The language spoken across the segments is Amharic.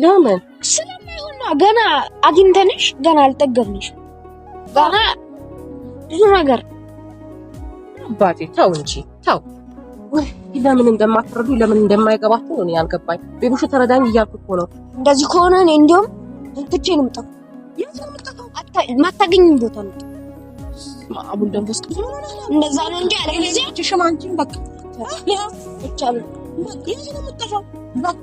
ለምን ስለማይሆን ገና አግኝተንሽ ገና አልጠገብንሽ ገና ብዙ ነገር አባቴ ተው እንጂ ተው። ለምን እንደማትረዱ ለምን እንደማይገባችሁ እኔ አልገባኝ። ቤቡሽ ተረዳኝ እያልኩ እኮ ነው። እንደዚህ ከሆነ እኔ እንዲያውም ትቼ ነው የምጠፋው። የማታገኝም ቦታ ነው። አቡል ደንብ እንደዛ ነው እንጂ አለ ጊዜ ሽማንችን በቃ ብቻ ነው በቃ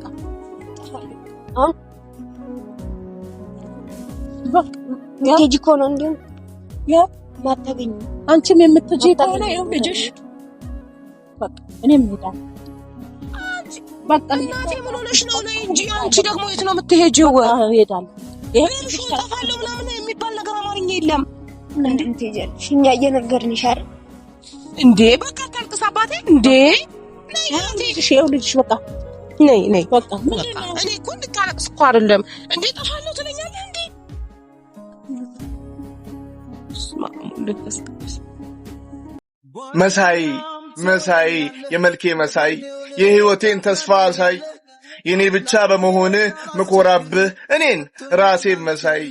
የምትሄጂ ከሆነ እንዲሁም ያው ማታገኝ አንቺም የምትሄጂ ከሆነ ያው ልጅሽ እኔም እሄዳለሁ። እናቴ ምን ሆነሽ ነው? ነይ እንጂ አንቺ ደግሞ የት ነው የምትሄጂው? እሄዳለሁ። ይሄ እጠፋለሁ ምናምን የሚባል ነገር አማርኛ የለም። ምንድን ትሄጃለሽ? እኛ እየነገርንሽ አይደል እንዴ? በቃ ታልቅስ አባቴ እንዴ። ይኸው ልጅሽ በቃ ነይ ነይ በቃ እኔ እኮ እንድታለቅስ እኮ አይደለም እንዴ ጠፋለሁ ትለኛለህ እንዴ መሳይ መሳይ የመልኬ መሳይ የህይወቴን ተስፋ አሳይ የኔ ብቻ በመሆንህ ምኮራብህ እኔን ራሴን መሳይ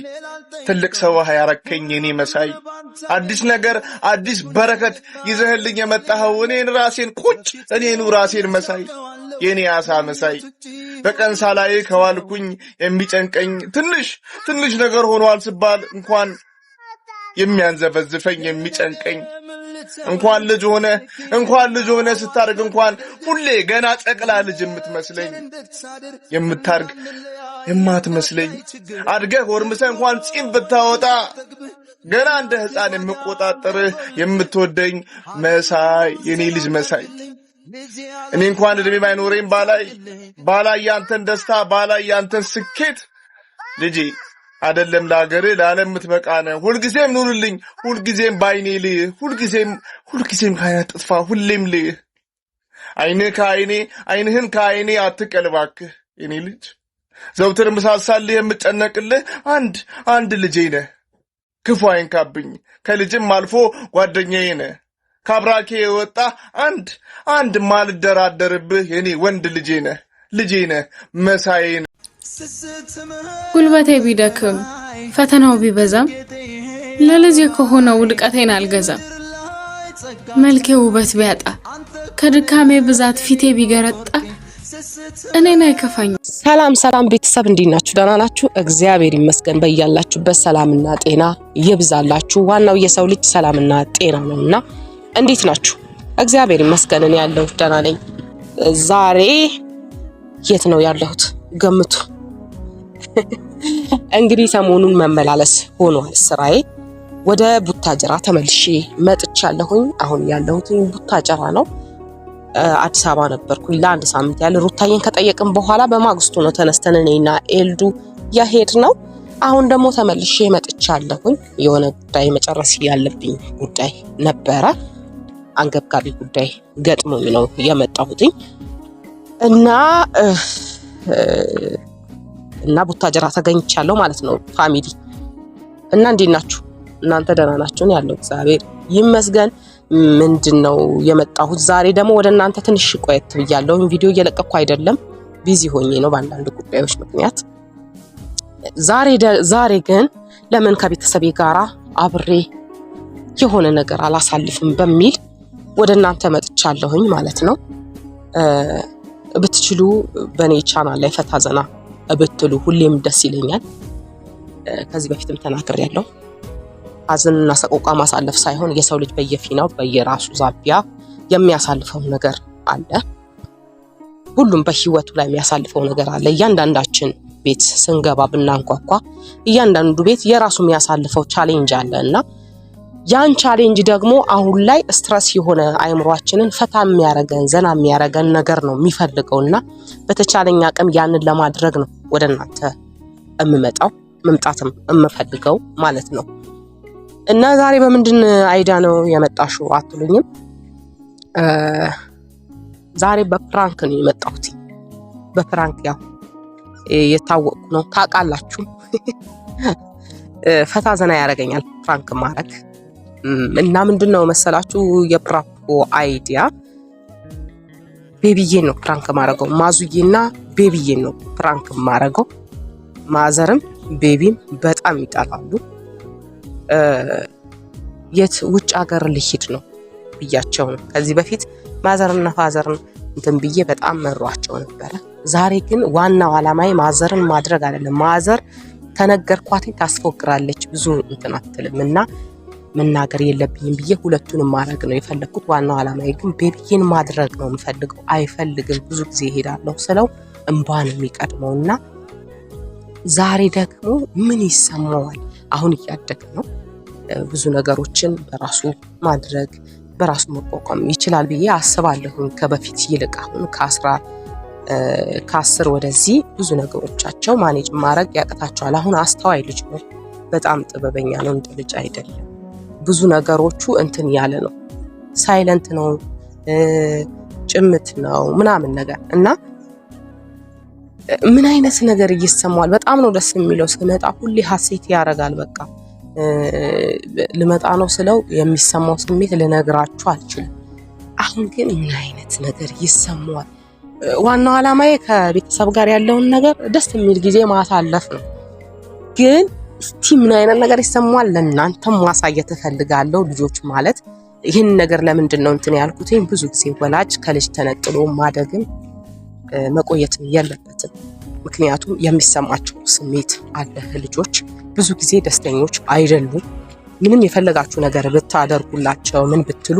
ትልቅ ሰው ያረከኝ የኔ መሳይ አዲስ ነገር አዲስ በረከት ይዘህልኝ የመጣኸው እኔን ራሴን ቁጭ እኔኑ ራሴን መሳይ የኔ አሳ መሳይ በቀን ሳላይ ከዋልኩኝ የሚጨንቀኝ ትንሽ ትንሽ ነገር ሆኗል ስባል እንኳን የሚያንዘፈዝፈኝ የሚጨንቀኝ እንኳን ልጅ ሆነ እንኳን ልጅ ሆነ ስታድግ እንኳን ሁሌ ገና ጨቅላ ልጅ የምትመስለኝ የምታርግ የማትመስለኝ አድገህ ወርምሰ እንኳን ፂም ብታወጣ ገና እንደ ሕፃን የምቆጣጠርህ የምትወደኝ መሳይ የኔ ልጅ መሳይ እኔ እንኳን እድሜ ባይኖረኝ ባላይ ባላይ ያንተን ደስታ ባላይ ያንተን ስኬት ልጄ አይደለም ለሀገር ለዓለም የምትበቃ ነ ሁልጊዜም ኑርልኝ፣ ሁልጊዜም ባይኔ ልህ፣ ሁልጊዜም ሁልጊዜም ከአይነ ጥፋ ሁሌም ልህ። አይንህ ከአይኔ አይንህን ከአይኔ አትቀልባክ እባክህ የኔ ልጅ። ዘውትር ምሳሳልህ የምጨነቅልህ አንድ አንድ ልጄ ነህ። ክፉ አይንካብኝ፣ ከልጅም አልፎ ጓደኛዬ ነህ። ከአብራኬ የወጣ አንድ አንድ ማልደራደርብህ የኔ ወንድ ልጄ ነ ልጄ ነ መሳዬ ነ ጉልበቴ ቢደክም ፈተናው ቢበዛም ለልጄ ከሆነ ውድቀቴን አልገዛም። መልኬ ውበት ቢያጣ ከድካሜ ብዛት ፊቴ ቢገረጣ እኔን አይከፋኝ። ሰላም ሰላም ቤተሰብ እንዴት ናችሁ? ደህና ናችሁ? እግዚአብሔር ይመስገን። በያላችሁበት ሰላምና ጤና ይብዛላችሁ። ዋናው የሰው ልጅ ሰላምና ጤና ነውና እንዴት ናችሁ? እግዚአብሔር ይመስገን እኔ ያለሁ ደህና ነኝ። ዛሬ የት ነው ያለሁት ገምቱ። እንግዲህ ሰሞኑን መመላለስ ሆኗል ስራዬ። ወደ ቡታጀራ ተመልሼ መጥቻለሁኝ። አሁን ያለሁት ቡታጀራ ነው። አዲስ አበባ ነበርኩኝ ለአንድ ሳምንት ያህል። ሩታዬን ከጠየቅን በኋላ በማግስቱ ነው ተነስተን እኔና ኤልዱ ያሄድ ነው። አሁን ደግሞ ተመልሼ መጥቻለሁኝ። የሆነ ጉዳይ መጨረስ ያለብኝ ጉዳይ ነበረ። አንገብጋቢ ጉዳይ ገጥሞኝ ነው የመጣሁትኝ እና እና ቡታጀራ ተገኝቻለሁ ማለት ነው ፋሚሊ እና እንዴት ናችሁ እናንተ ደህና ናችሁ ያለው እግዚአብሔር ይመስገን ምንድን ነው የመጣሁት ዛሬ ደግሞ ወደ እናንተ ትንሽ ቆየት ብያለሁ ቪዲዮ እየለቀኩ አይደለም ቢዚ ሆኜ ነው በአንዳንድ ጉዳዮች ምክንያት ዛሬ ዛሬ ግን ለምን ከቤተሰቤ ጋራ አብሬ የሆነ ነገር አላሳልፍም በሚል ወደ እናንተ መጥቻለሁኝ ማለት ነው። ብትችሉ በእኔ ቻናል ላይ ፈታ ዘና ብትሉ ሁሌም ደስ ይለኛል። ከዚህ በፊትም ያለው ሀዘንና ሰቆቃ ማሳለፍ ሳይሆን የሰው ልጅ በየፊናው በየራሱ ዛቢያ የሚያሳልፈው ነገር አለ። ሁሉም በህይወቱ ላይ የሚያሳልፈው ነገር አለ። እያንዳንዳችን ቤት ስንገባ ብናንኳኳ እያንዳንዱ ቤት የራሱ የሚያሳልፈው ቻሌንጅ አለ እና ያን ቻሌንጅ ደግሞ አሁን ላይ ስትረስ የሆነ አይምሯችንን ፈታ የሚያረገን ዘና የሚያረገን ነገር ነው የሚፈልገው እና በተቻለኝ አቅም ያንን ለማድረግ ነው ወደ እናንተ የምመጣው መምጣትም የምፈልገው ማለት ነው። እና ዛሬ በምንድን አይዳ ነው የመጣሹ አትሉኝም? ዛሬ በፕራንክ ነው የመጣሁት። በፕራንክ ያው የታወቅኩ ነው ታውቃላችሁ። ፈታ ዘና ያደርገኛል ፕራንክ ማድረግ እና ምንድን ነው መሰላችሁ የፕራንኩ አይዲያ ቤቢዬን ነው ፕራንክ ማድረገው። ማዙዬና ቤቢዬን ነው ፕራንክ ማረገው ማዘርም ቤቢም በጣም ይጠላሉ። የት ውጭ ሀገር ልሂድ ነው ብያቸው ነው። ከዚህ በፊት ማዘርና ፋዘርን እንትን ብዬ በጣም መሯቸው ነበረ። ዛሬ ግን ዋናው ዓላማዬ ማዘርን ማድረግ አይደለም። ማዘር ተነገርኳትኝ ታስፎግራለች ብዙ እንትን አትልም እና መናገር የለብኝም ብዬ ሁለቱንም ማድረግ ነው የፈለግኩት። ዋናው ዓላማዬ ግን ቤቢዬን ማድረግ ነው የምፈልገው። አይፈልግም ብዙ ጊዜ ይሄዳለሁ ስለው እምባ ነው የሚቀድመው እና ዛሬ ደግሞ ምን ይሰማዋል? አሁን እያደገ ነው። ብዙ ነገሮችን በራሱ ማድረግ በራሱ መቋቋም ይችላል ብዬ አስባለሁኝ። ከበፊት ይልቅ አሁን ከአስራ ከአስር ወደዚህ ብዙ ነገሮቻቸው ማኔጅ ማድረግ ያቅታቸዋል። አሁን አስተዋይ ልጅ ነው። በጣም ጥበበኛ ነው። እንደ ልጅ አይደለም። ብዙ ነገሮቹ እንትን ያለ ነው። ሳይለንት ነው፣ ጭምት ነው ምናምን ነገር እና ምን አይነት ነገር እየሰማዋል በጣም ነው ደስ የሚለው። ስመጣ ሁሌ ሀሴት ያደርጋል። በቃ ልመጣ ነው ስለው የሚሰማው ስሜት ልነግራችሁ አልችልም። አሁን ግን ምን አይነት ነገር ይሰማዋል? ዋናው አላማዬ ከቤተሰብ ጋር ያለውን ነገር ደስ የሚል ጊዜ ማሳለፍ ነው ግን እስቲ ምን አይነት ነገር ይሰማዋል ለእናንተ ማሳየት እፈልጋለሁ። ልጆች ማለት ይህን ነገር ለምንድን ነው እንትን ያልኩትኝ? ብዙ ጊዜ ወላጅ ከልጅ ተነጥሎ ማደግም መቆየትም የለበትም። ምክንያቱም የሚሰማቸው ስሜት አለ። ልጆች ብዙ ጊዜ ደስተኞች አይደሉም። ምንም የፈለጋችሁ ነገር ብታደርጉላቸው ምን ብትሉ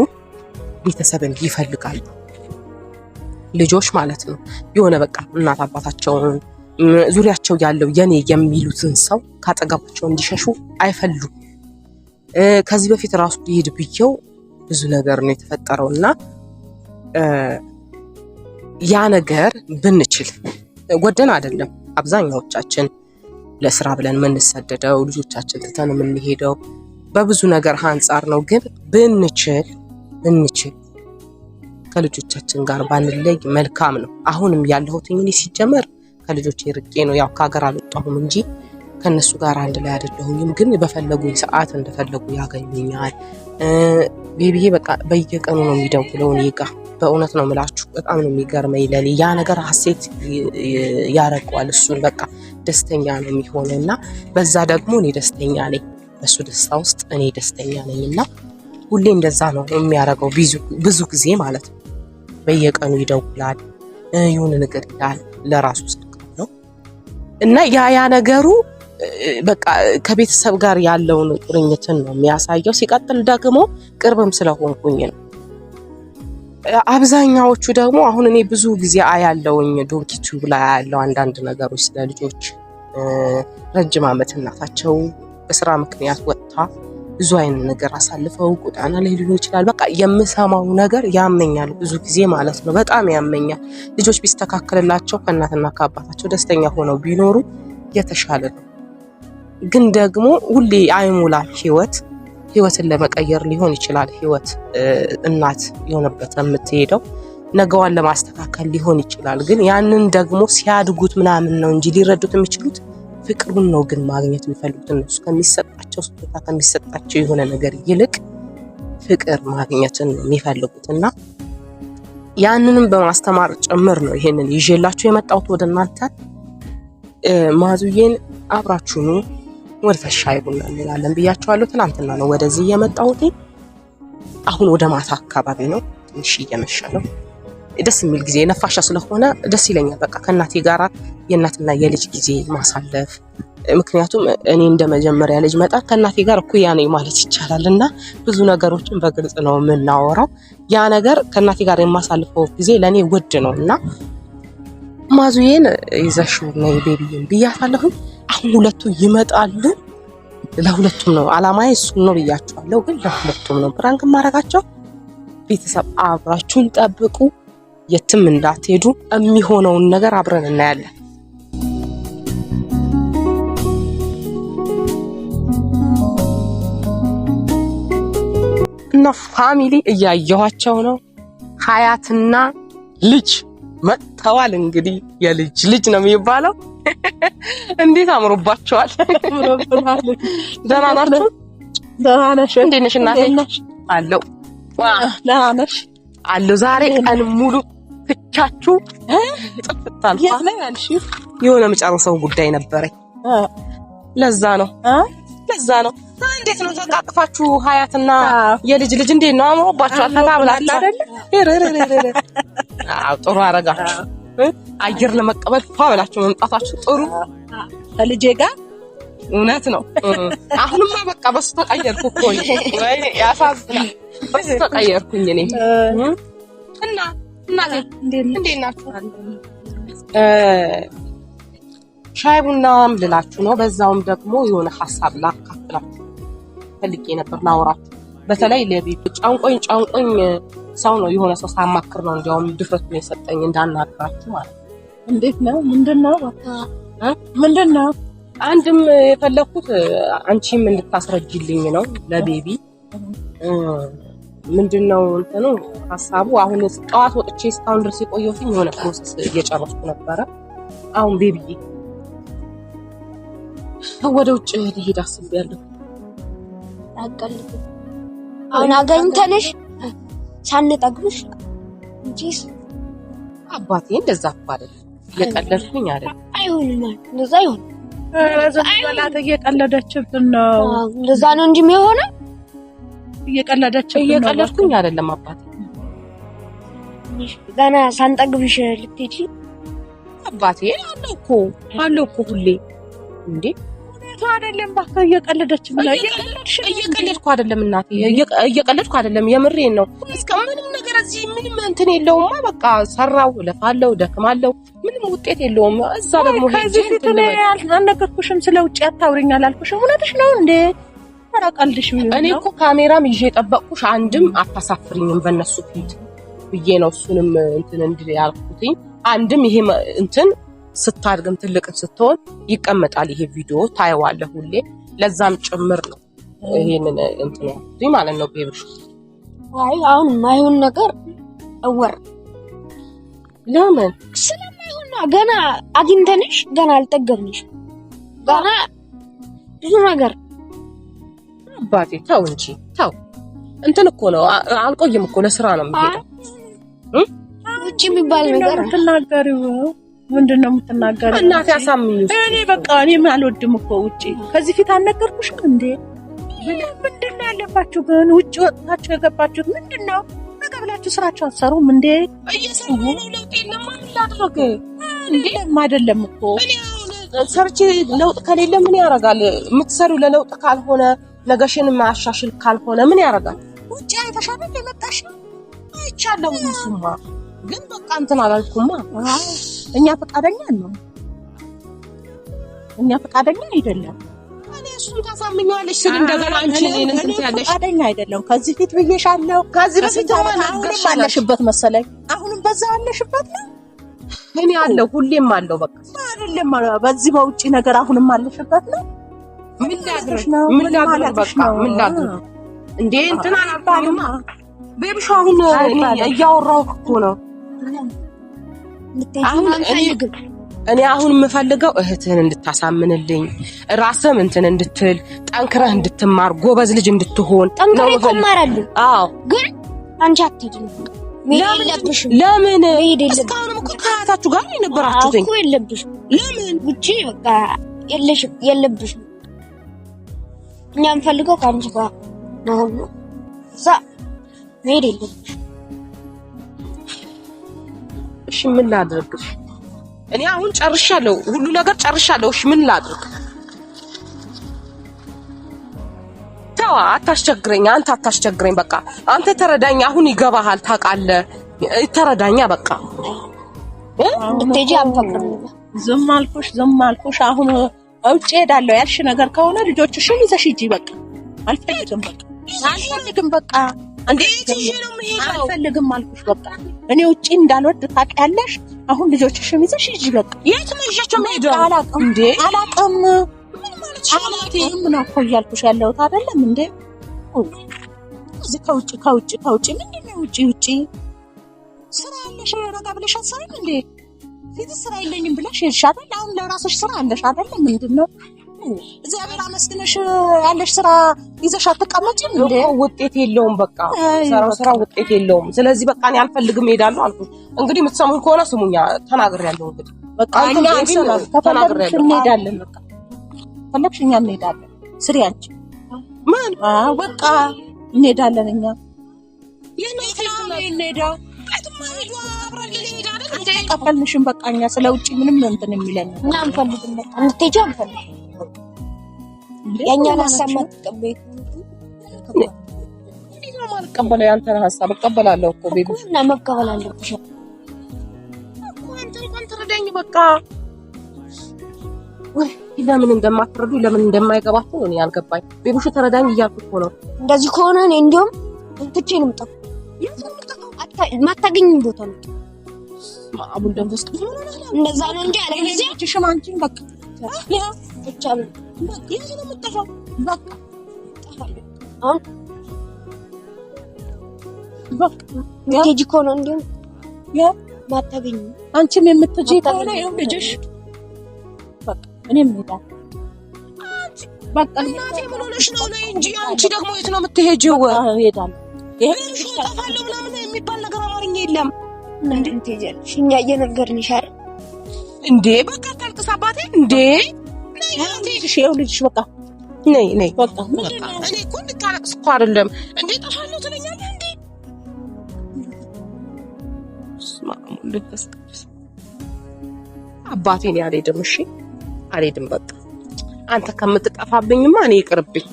ቤተሰብን ይፈልጋሉ ልጆች ማለት ነው። የሆነ በቃ እናት አባታቸውን ዙሪያቸው ያለው የኔ የሚሉትን ሰው ካጠገባቸው እንዲሸሹ አይፈሉ ከዚህ በፊት ራሱ ሊሄድ ብየው ብዙ ነገር ነው የተፈጠረው እና ያ ነገር ብንችል ወደን አይደለም አብዛኛዎቻችን ለስራ ብለን የምንሰደደው ልጆቻችን ትተን የምንሄደው በብዙ ነገር አንጻር ነው። ግን ብንችል ብንችል ከልጆቻችን ጋር ባንለይ መልካም ነው። አሁንም ያለሁት እኔ ሲጀመር ከልጆች ርቄ ነው ያው ከሀገር አልወጣሁም እንጂ ከነሱ ጋር አንድ ላይ አይደለሁኝም። ግን በፈለጉኝ ሰዓት እንደፈለጉ ያገኙኛል። ቤቢዬ በቃ በየቀኑ ነው የሚደውለው እኔ ጋ። በእውነት ነው የምላችሁ፣ በጣም ነው የሚገርመኝ። ለኔ ያ ነገር ሀሴት ያረገዋል እሱን በቃ ደስተኛ ነው የሚሆነው እና በዛ ደግሞ እኔ ደስተኛ ነኝ። በሱ ደስታ ውስጥ እኔ ደስተኛ ነኝ እና ሁሌ እንደዛ ነው የሚያደርገው ብዙ ጊዜ ማለት ነው። በየቀኑ ይደውላል፣ የሆነ ነገር ይላል ለራሱ እና ያ ያ ነገሩ በቃ ከቤተሰብ ጋር ያለውን ቁርኝትን ነው የሚያሳየው። ሲቀጥል ደግሞ ቅርብም ስለሆንኩኝ ነው። አብዛኛዎቹ ደግሞ አሁን እኔ ብዙ ጊዜ አያለውኝ ዶንኪቱብ ላይ ያለው አንዳንድ ነገሮች ስለ ልጆች ረጅም ዓመት እናታቸው በስራ ምክንያት ወጥታ ብዙ አይነት ነገር አሳልፈው ጎዳና ላይ ሊሆን ይችላል። በቃ የምሰማው ነገር ያመኛል፣ ብዙ ጊዜ ማለት ነው። በጣም ያመኛል። ልጆች ቢስተካከልላቸው ከእናትና ከአባታቸው ደስተኛ ሆነው ቢኖሩ የተሻለ ነው። ግን ደግሞ ሁሌ አይሙላም ህይወት ህይወትን ለመቀየር ሊሆን ይችላል። ህይወት እናት የሆነበት የምትሄደው ነገዋን ለማስተካከል ሊሆን ይችላል። ግን ያንን ደግሞ ሲያድጉት ምናምን ነው እንጂ ሊረዱት የሚችሉት ፍቅሩን ነው ግን ማግኘት የሚፈልጉት እነሱ ከሚሰጣቸው ስጦታ ከሚሰጣቸው የሆነ ነገር ይልቅ ፍቅር ማግኘትን የሚፈልጉት እና ያንንም በማስተማር ጭምር ነው ይሄንን ይዤላችሁ የመጣሁት ወደ እናንተ። ማዙዬን አብራችሁኑ ወደ ሻይ ቡና እንላለን ብያችኋለሁ። ትናንትና ነው ወደዚህ የመጣሁት። አሁን ወደ ማታ አካባቢ ነው፣ ትንሽ እየመሸ ነው። ደስ የሚል ጊዜ ነፋሻ ስለሆነ ደስ ይለኛል። በቃ ከእናቴ ጋር የእናትና የልጅ ጊዜ ማሳለፍ ምክንያቱም እኔ እንደ መጀመሪያ ልጅ መጣ ከእናቴ ጋር እኩያ ነኝ ማለት ይቻላል እና ብዙ ነገሮችን በግልጽ ነው የምናወራው። ያ ነገር ከእናቴ ጋር የማሳልፈው ጊዜ ለእኔ ውድ ነው እና ማዙዬን ይዘሽው ነይ ቤቢዬን ብያታለሁኝ። አሁን ሁለቱ ይመጣሉ። ለሁለቱም ነው አላማዬ እሱ ነው ብያቸዋለሁ። ግን ለሁለቱም ነው ብራንክ ማረጋቸው። ቤተሰብ አብራችሁን ጠብቁ። የትም እንዳትሄዱ። የሚሆነውን ነገር አብረን እናያለን። እና ፋሚሊ እያየኋቸው ነው። ሀያትና ልጅ መጥተዋል። እንግዲህ የልጅ ልጅ ነው የሚባለው። እንዴት አምሮባቸዋል! ደህና ደህና ነሽ? እንዴት ነሽ እናቴ? ደህና ነሽ? ዛሬ ቀን ሙሉ ብቻችሁ ጥፍጣል የሆነ የምጨርሰው ጉዳይ ነበረኝ። ለዛ ነው ለዛ ነው። እንዴት ነው ተቃቅፋችሁ? ሀያትና የልጅ ልጅ እንዴት ነው አምሮባችኋል? ተታብላችሁ አይደለ? ጥሩ አረጋችሁ። አየር ለመቀበል ፏ ብላችሁ መምጣታችሁ ጥሩ። ከልጄ ጋር እውነት ነው። አሁንማ በቃ በሱ ተቀየርኩ እኮ ያሳዝናል። በሱ ተቀየርኩኝ እኔ እና እንዴት ናችሁ? ሻይ ቡናም ልላችሁ ነው። በዛውም ደግሞ የሆነ ሀሳብ ላካፍላችሁ ፈልጌ ነበር ላወራችሁ። በተለይ ለቤቱ ጫንቆኝ ጫንቆኝ ሰው ነው የሆነ ሰው ሳማክር ነው እንዲያውም ድፍረት ነው የሰጠኝ እንዳናግራችሁ ማለት ነው። እንዴት ነው? ምንድን ነው? ምንድን ነው? አንድም የፈለግኩት አንቺም እንድታስረጅልኝ ነው ለቤቢ ምንድን ነው እንትኑ ሀሳቡ? አሁን ጠዋት ወጥቼ እስካሁን ድረስ የቆየሁት የሆነ ፕሮሰስ እየጨረስኩ ነበረ። አሁን ቤቢዬ ወደ ውጭ ልሄድ አስቤያለሁ። አሁን አገኝተንሽ ሳንጠግብሽ እንጂ አባቴ እንደዛ እኮ አይደለም፣ እየቀለድኩኝ አይደለም። አይሆንም፣ እንደዛ አይሆንም። እየቀለደችብን ነው። እንደዛ ነው እንጂ የሚሆነው እየቀለዳቸው እየቀለድኩኝ አይደለም አባት ገና ሳንጠግብሽ ልትሄጂ አባቴ አለው እኮ አለው እኮ ሁሌ እንዴ አይደለም እባክህ እየቀለደችም ነው እየቀለድኩ አይደለም እናቴ እየቀለድኩ አይደለም የምሬን ነው እስከ ምንም ነገር እዚህ ምንም እንትን የለውማ በቃ ሰራው ለፋለው፣ ደክማለው፣ ምንም ውጤት የለውም እዛ ደግሞ ከዚህ ፊት እኔ አልነገርኩሽም ስለ ውጭ አታውሪኝ አላልኩሽም እውነትሽ ነው እንዴ እኔ እኮ ካሜራም ይዤ የጠበቅኩሽ አንድም አታሳፍሪኝም በእነሱ ፊት ብዬ ነው። እሱንም እንትን እንድል ያልኩትኝ አንድም ይሄ እንትን ስታድግም ትልቅ ስትሆን ይቀመጣል። ይሄ ቪዲዮ ታየዋለህ ሁሌ። ለዛም ጭምር ነው ይሄንን እንትን ያልኩትኝ ማለት ነው። ቤብሽ አይ አሁን የማይሆን ነገር እወር ለምን ስለማይሆንና ገና አግኝተንሽ ገና አልጠገብንሽ ገና ብዙ ነገር አባቴ ተው እንጂ ተው። እንትን እኮ ነው አልቆይም እኮ ለስራ ነው የምሄደው። ውጭ የሚባል ነገር የምትናገሪው ምንድን ነው የምትናገሪው? እናቴ አሳምኝ። እኔ በቃ እኔ አልወድም እኮ ውጭ። ከዚህ ፊት አልነገርኩሽም እንዴ? ምንድን ነው ያለባችሁ ግን? ውጭ ወጥታችሁ የገባችሁት ምንድን ነው? ነገ ብላችሁ ስራችሁ አትሰሩም እንዴ? እየሰሩ ለውጥ የለም ላደረገ እንዴም አይደለም እኮ ሰርቼ ለውጥ ከሌለ ምን ያደርጋል? የምትሰሪው ለለውጥ ካልሆነ ነገሽን ማያሻሽል ካልሆነ ምን ያደርጋል? ውጭ አይተሻል እንደ መጣሽ ይቻለው እሱማ ግን በቃ እንትን አላልኩማ። እኛ ፈቃደኛ ነው እኛ ፈቃደኛ አይደለም። እሱን ታሳምኛለሽ ስል እንደገና አንቺ እንትን ፈቃደኛ አይደለም። ከዚህ ፊት ብዬሻለሁ። ከዚህ በፊት አሁንም አለሽበት መሰለኝ። አሁንም በዛ አለሽበት ነው። እኔ ሁሌም በቃ አይደለም በዚህ ነገር አሁንም አለሽበት ነው ምን ላድርግ? ምን ላድርግ? በቃ ምን እንዴ? እንትን አላልኩኝማ ቤብሽ። አሁን እያወራሁ እኮ ነው። እኔ አሁን የምፈልገው እህትህን እንድታሳምንልኝ ራስም እንትን እንድትል ጠንክረህ እንድትማር ጎበዝ ልጅ እንድትሆን አዎ ግን አንቺ ለምን እስካሁንም እኮ ጋር ነው ለምን በቃ የለብሽም እኛ የምፈልገው ከአንቺ ጋር ነው። ሁሉ እዛ መሄድ የለም። እሺ ምን ላድርግ? እኔ አሁን ጨርሻለሁ፣ ሁሉ ነገር ጨርሻለሁ። እሺ ምን ላድርግ? ተው አታስቸግረኝ፣ አንተ አታስቸግረኝ። በቃ አንተ ተረዳኝ። አሁን ይገባሃል፣ ታውቃለህ። ተረዳኛ በቃ እንዴ፣ አልፈቅድም። ዝም አልኩሽ፣ ዝም አልኩሽ አሁን ውጭ ሄዳለሁ ያልሽ ነገር ከሆነ ልጆችሽን ይዘሽ ሂጂ። በቃ አልፈልግም፣ በቃ አልፈልግም፣ በቃ አልፈልግም አልኩሽ። በቃ እኔ ውጭ እንዳልወድ ታውቂያለሽ። አሁን ልጆችሽን ይዘሽ ሂጂ። በቃ የት ነው ይዣቸው የምሄደው? አላውቅም፣ አላውቅም፣ አላውቅም ነው እኮ እያልኩሽ ያለሁት አይደለም እንዴ? እዚህ ከውጭ ከውጭ ከውጭ ምንድን ነው ውጭ ውጭ ስራ ያለሽ ረጋ ብለሽ አትሰሪም እንዴ? ፊት ስራ የለኝም ብለሽ ሄድሽ አይደል? አሁን ለራስሽ ስራ አለሽ አይደል? ምንድን ነው እግዚአብሔር አመስግነሽ ያለሽ ስራ ይዘሽ አትቀመጭም እንዴ? ውጤት የለውም በቃ ሰራው ስራ ውጤት የለውም። ስለዚህ በቃ እኔ አልፈልግም እሄዳለሁ አልኩ። እንግዲህ የምትሰሙኝ ከሆነ ስሙኛ፣ ያለው እንግዲህ በቃ እኛ ከፈለግሽ እንሄዳለን፣ በቃ ከፈለግሽ እኛ እንሄዳለን። ስሪ አንቺ ምን በቃ እንሄዳለን እኛ ይህን ሄዳ ሄዱ አብረን ልንሄዳ እንደ በቃ እኛ ስለ ውጭ ምንም እንትን የሚለን እና አንፈልግም። በቃ እንድትሄጂ አንፈልግም። የእኛን ሀሳብ ማትቀበይ ማልቀበለው ያንተን ሀሳብ እቀበላለሁ እኮ ቤቢ እና መቀበል አለብሽ። ትረዳኝ በቃ ለምን እንደማትረዱ ለምን እንደማይገባችሁ እኔ አልገባኝ። ቤቡሽ ተረዳኝ እያልኩ እኮ ነው። እንደዚህ ከሆነ እኔ እንዲሁም ትቼ ነው የምጠፋው። ማታገኝ ቦታ ነው ማዕቡል ደንፈስ እንደዛ ነው እንጂ አለ ጊዜ ሽማንችን በቃ ያ ብቻ ነው ይህ ነው የምጠፋው። በቃ አሁን በቃ ከሆነ እንዲሁም ያ ማታገኝ አንቺም የምትሄጂ ከሆነ ይሁን ልጅሽ እኔም ሄዳ እናቴ ምን ሆነሽ ነው? ነይ እንጂ አንቺ ደግሞ የት ነው የምትሄጂው? ሄዳለሁ ይሄ ጠፋለሁ ምናምን የሚባል ነገር አማርኛ የለም። እኛ እየነገርንሽ አይደል እንዴ? በቃ ታልቅስ አባቴ እንዴ! ይኸው ልጅሽ በቃ ነይ ነይ። በቃ እኔ እኮ እንድታለቅስ እኮ አይደለም እንዴ። ጠፋለሁ ትለኛለህ እንዴ? አባቴ አልሄድም፣ እሺ አልሄድም። በቃ አንተ ከምትጠፋብኝማ እኔ ይቅርብኝ።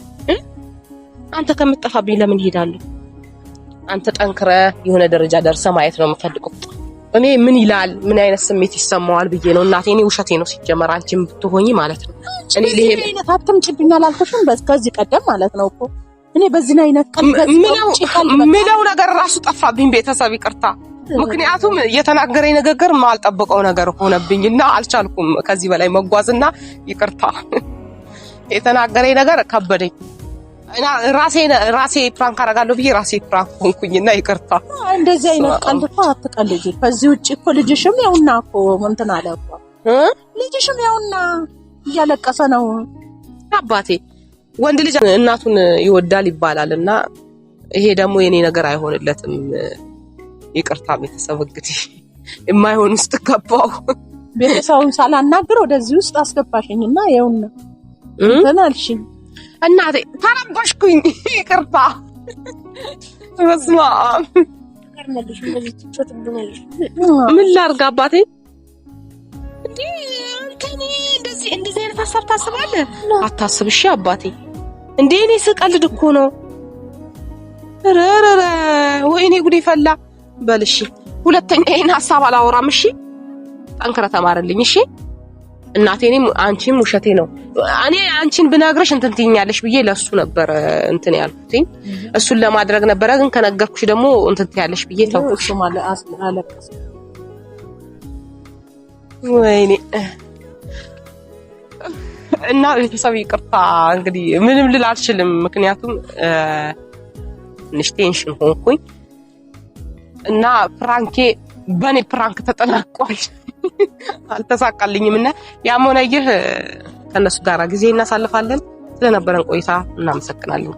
አንተ ከምትጠፋብኝ ለምን እሄዳለሁ? አንተ ጠንክረ የሆነ ደረጃ ደርሰ ማየት ነው የምፈልገው። እኔ ምን ይላል ምን አይነት ስሜት ይሰማዋል ብዬ ነው እናቴ። እኔ ውሸቴ ነው ሲጀመር፣ አንቺም ብትሆኚ ማለት ነው። እኔ ሊሄድ አትምጪብኝ አላልኩሽም ከዚህ ቀደም ማለት ነው እኮ እኔ በዚህ አይነት ምለው ነገር ራሱ ጠፋብኝ። ቤተሰብ ይቅርታ። ምክንያቱም የተናገረኝ ንግግር ማልጠብቀው ነገር ሆነብኝ እና አልቻልኩም ከዚህ በላይ መጓዝና ይቅርታ የተናገረኝ ነገር ከበደኝ። ራሴ ፕራንክ አረጋለሁ ብዬ ራሴ ፕራንክ ሆንኩኝና ይቅርታ። እንደዚህ አይነት ቀልድ እኮ አትቀልጂ። ከዚህ ውጭ እኮ ልጅሽም ያውና እኮ እንትን አለ እኮ ልጅሽም ያውና እያለቀሰ ነው። አባቴ ወንድ ልጅ እናቱን ይወዳል ይባላል እና ይሄ ደግሞ የኔ ነገር አይሆንለትም። ይቅርታ ቤተሰብ እንግዲህ የማይሆን ውስጥ ገባው። ቤተሰቡን ሳላናግር ወደዚህ ውስጥ አስገባሽኝና ይኸውና እንትን አልሽኝ። እናቴ ተረበሽኩኝ፣ ይቅርታ። በስመ አብ ምን አባቴ? እንደዚህ እንደዚህ አይነት ሀሳብ ታስባለ አታስብሽ አባቴ። እንዴ እኔ ስቀልድ እኮ ነው። ረረረ ወይኔ ጉዴ ፈላ። በልሽ ሁለተኛ ይህን ሀሳብ አላወራም። እሺ፣ ጠንክረህ ተማርልኝ። እሺ ጠንክረ ተማረልኝ። እሺ እናቴ እኔም አንቺም ውሸቴ ነው እኔ አንቺን ብነግርሽ እንትን ትይኛለሽ ብዬ ለሱ ነበረ እንትን ያልኩትኝ እሱን ለማድረግ ነበረ። ግን ከነገርኩሽ ደግሞ እንትን ትያለሽ ብዬ ተውኩሽ። ወይኔ እና ቤተሰብ ይቅርታ እንግዲህ ምንም ልል አልችልም። ምክንያቱም ትንሽ ቴንሽን ሆንኩኝ እና ፕራንኬ በእኔ ፕራንክ ተጠናቋል። አልተሳካልኝም እና ያም ሆነ ይህ ከእነሱ ጋር ጊዜ እናሳልፋለን። ስለነበረን ቆይታ እናመሰግናለን።